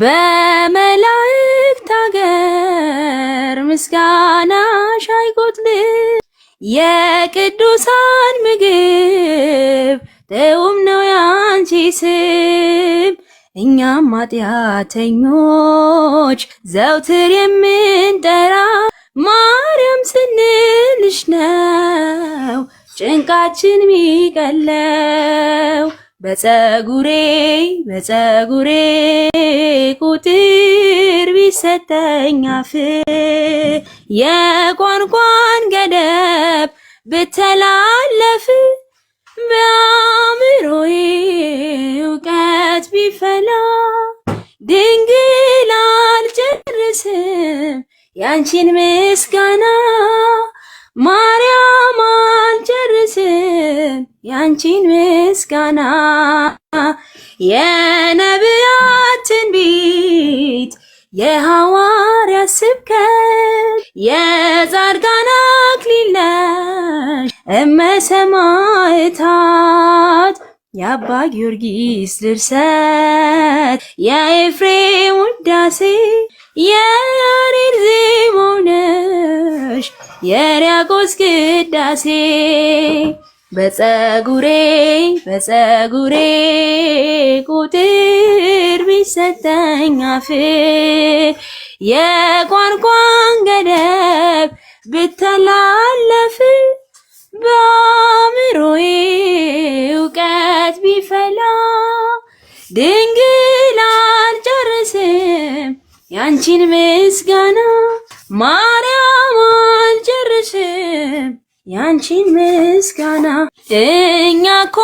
በመላእክት አገር ምስጋናሽ አይጎድልም። የቅዱሳን ምግብ ጥዑም ነው ያንቺ ስም። እኛም ኃጢአተኞች ዘውትር የምንጠራ ማርያም ስንልሽ ነው ጭንቃችን ሚቀለው በፀጉሬ በፀጉሬ ቁጥር ቢሰጠኝ አፍ የቋንቋን ገደብ ብተላለፍ በአእምሮዬ እውቀት ቢፈላ ድንግል አልጨርስም ያንቺን ምስጋና ማርያም ያንቺን ምስጋና የነቢያት ትንቢት የሐዋርያ ስብከት የጻድቃን አክሊል ነሽ እመሰማዕታት የአባ ጊዮርጊስ ድርሰት የኤፍሬም ውዳሴ የያሬድ ዜማው ነሽ የሪያቆስ ቅዳሴ በፀጉሬ በፀጉሬ ቁጥር ቢሰጠኝ አፍ የቋንቋን ገደብ ብተላለፍ በአእምሮዬ እውቀት ቢፈላ ድንግል አልጨርስም ያንቺን ምስጋና ማረ ያንቺን ምስጋና እኛ እኮ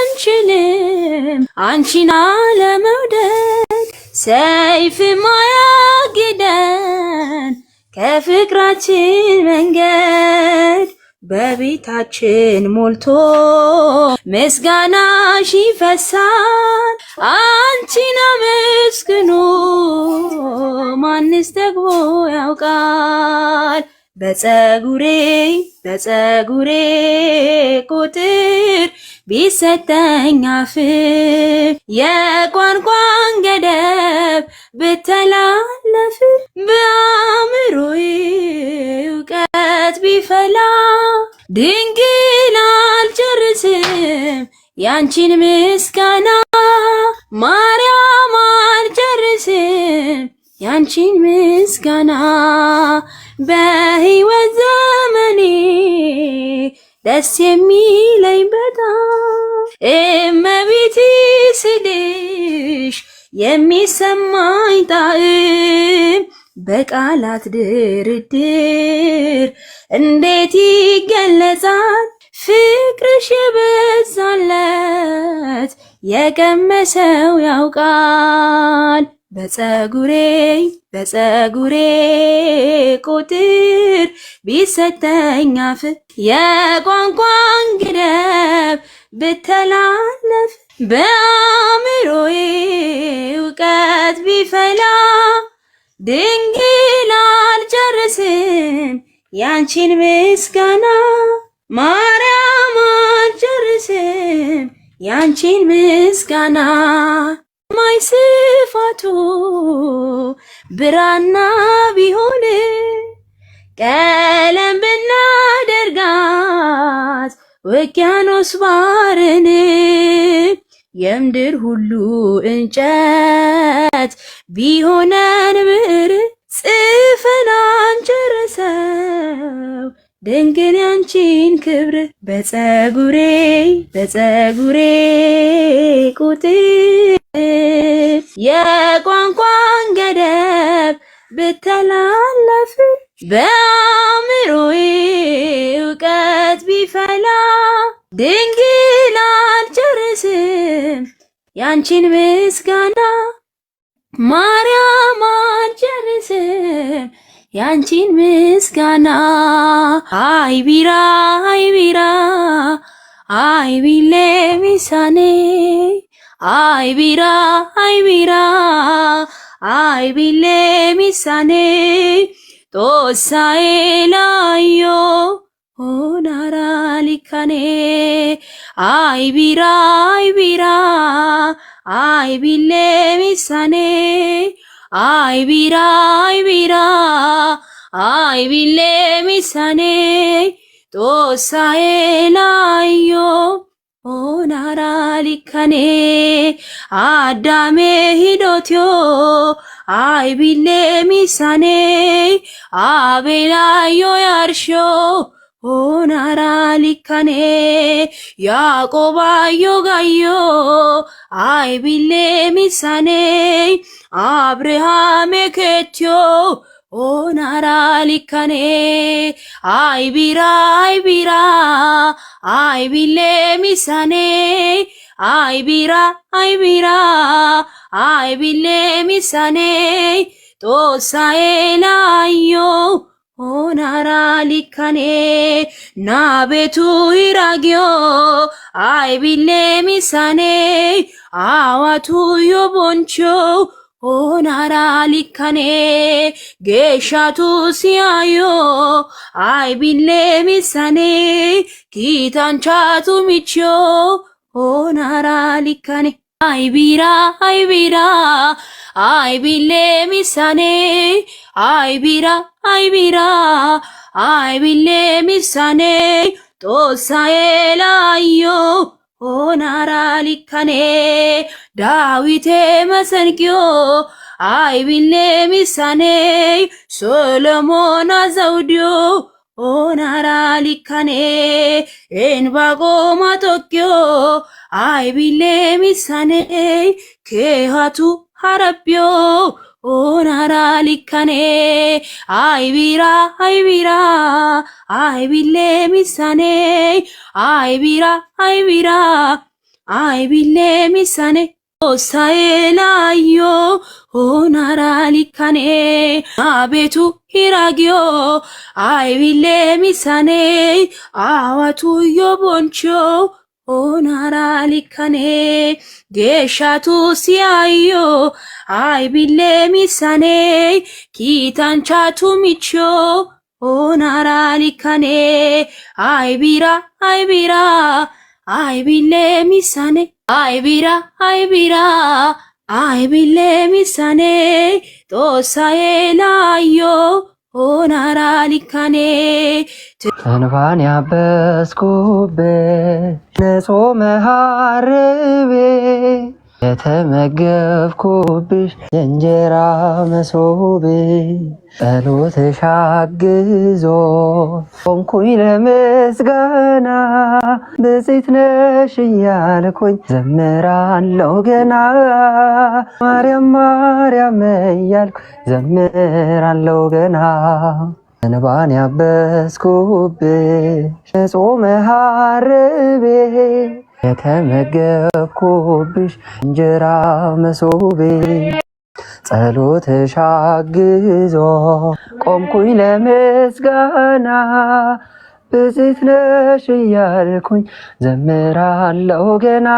አንችልም አንቺን አለመውደድ ሰይፍ ማያግደን ከፍቅራችን መንገድ በቤታችን ሞልቶ ምስጋናሽ ይፈሳል። አንቺን አመስግኖ ማንስ ደግሞ ያውቃል? በፀጉሬ በፀጉሬ ቁጥር ቢሰጠኝ አፍ የቋንቋን ገደብ ብተላለፍ በአእምሮዬ እውቀት ቢፈላ ድንግል አልጨርስም ያንቺን ምስጋና ማርያም አልጨርስም ያንቺን ምስጋና ደስ የሚለኝ በጣም እመቤቴ ስልሽ የሚሰማኝ ጣዕም በቃላት ድርድር እንዴት ይገለጻል? ፍቅርሽ የበዛለት የቀመሰው ያውቃል። በፀጉሬ በፀጉሬ ቁጥር ቢሰጠኝ አፍ የቋንቋን ግደብ ብተላለፍ በአእምሮዬ እውቀት ቢፈላ ድንግል አልጨርስም ያንቺን ምስጋና ማርያም አልጨርስም ያንቺን ምስጋና ማይስ ልፋቱ ብራና ቢሆን ቀለም ብናደርጋት ውቅያኖስ ባርን የምድር ሁሉ እንጨት ቢሆነን ምር ጽፈን አንጨርሰው ድንግል ያንቺን ክብር በፀጉሬ በፀጉሬ ቁጥር የቋንቋን ገደብ ብተላለፍ በአእምሮዬ እውቀት ቢፈላ ድንግል አልጨርስም ያንቺን ምስጋና ማርያም አልጨርስም ያንቺን ምስጋና አይ ቢራ አይ ቢራ አይ ቢሌ ሚሳኔ አይ ቢራ አይ ቢራ አይ ቢሌ ሚሳኔ ጦሳዬ ላዮ ሆናራ ሊካኔ አይ ቢራ አይ ቢራ አይ ቢሌ ሚሳኔ আয় বীরা আয় বীরা আয় বিলে মিশানে তো সায়েলাইও ও নারালিখানে আডামে হিডথিও আয় বিলে মিশানে আবেলাইও আরশো ኦናራ ሊካኔ ያቆባዮ ጋዮ አይቢሌ ሚሳኔ አብርሃሜ ኬትዮ ሆናራ ሊካኔ አይቢራ አይቢራ አይቢሌ ሚሳኔ አይቢራ አይቢራ አይቢሌ ሚሳኔ ጦሳኤ ላዮ ሆናራ ሊካኔ ናቤቱ ቤቱ ይራጊዮ አይቢሌ ሚሳኔ አዋቱ ዮቦንቾው ሆናራ ሊካኔ ጌሻቱ ሲያዮ አይቢሌ ሚሳኔ ኪታንቻቱ ሚቾ ሆናራ ሊካኔ አይ ቢራ አይ ቢራ አይ ቢሌ ሚሳኔ አይ ቢራ አይ ቢራ አይ ቢሌ ሚሳኔ ጦሳዬ ላዮ ሆናራ ሊካኔ ዳዊቴ መሰንቅዮ አይ ቢሌ ሚሳኔ ሶሎሞን አዘውድዮ ሆናራ ሊካኔ ኤንባቆ ማጦቅዮ ቢሌ ሚሳኔ ኬሃቱ ሀረብዮ ኦናራ ሊካኔ አይቢራ አይቢራ ቢሌ ሚሳኔ አይቢራ አይቢራ ቢሌ ሚሳኔ ሳኤላዮ ሆናራ ሊካኔ አቤቱ ሂራጊዮ አይቢሌ ሚሳኔ አዋቱ ዮቦንቾ ኦናራ ሊካኔ ጌሻቱ ሲያዮ ቢሌ ሚሳኔ ኪታንቻቱ ሚቾ ኦናራ ሊከኔ አይቢራ አይቢራ አይቢሌ ሚሳኔ አይቢራ አይቢራ አይቢሌ ሚሳኔ ጦሳዬ ላዮ ሆናራ ሊካኔ ተንፋን ያበስኩበት ንጹሕ መሃርቤ ከተመገብኩብሽ የእንጀራ መሶብ ጸሎትሽ ሻግዞ ቆምኩኝ ለምስጋና ብፅዕት ነሽ እያልኩኝ ዘምራለሁ ገና ማርያም ማርያም እያልኩ ዘምራለው ገና እንባን ያበስኩብሽ ንጹሕ መሃርቤ የተመገብኩብሽ እንጀራ መሶቤ ጸሎትሽ አግዞ ቆምኩኝ ለምስጋና ብዝት ነሽ እያልኩኝ ዘምራለው ገና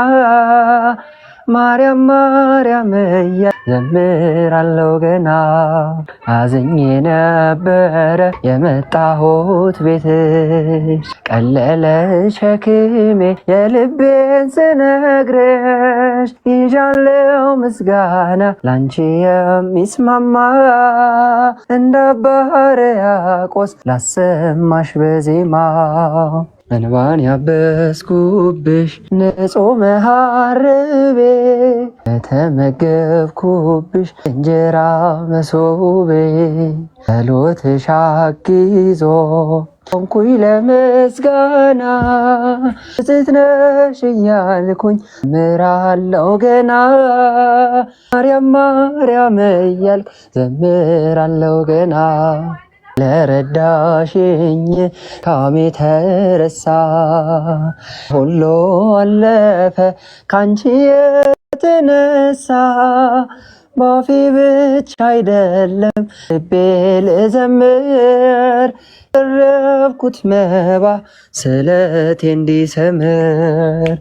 ማርያም ማርያም እያ ዘምራለው ገና አዝኜ ነበረ የመጣሁት ቤትሽ ቀለለሽ ሸክሜ የልቤን ስነግርሽ ይዣለው ምስጋና ላንቺ የሚስማማ እንደ ባህርያቆስ ላሰማሽ በዜማ እንባን ያበስኩብሽ ንጹሕ መሃርቤ በተመገብኩብሽ እንጀራ መሶቤ ጸሎትሽ አግዞ ቆምኩኝ ለምስጋና ንጽሕት ነሽ እያልኩኝ ዘምራለሁ ገና ማርያም ማርያም እያልኩ ዘምራለሁ ገና ለረዳሽኝ ካሜ ተረሳ ሁሉ አለፈ ካንቺ የተነሳ ባፌ ብቻ አይደለም ልቤ ልዘምር ረብኩት መባ ስለቴ እንዲሰምር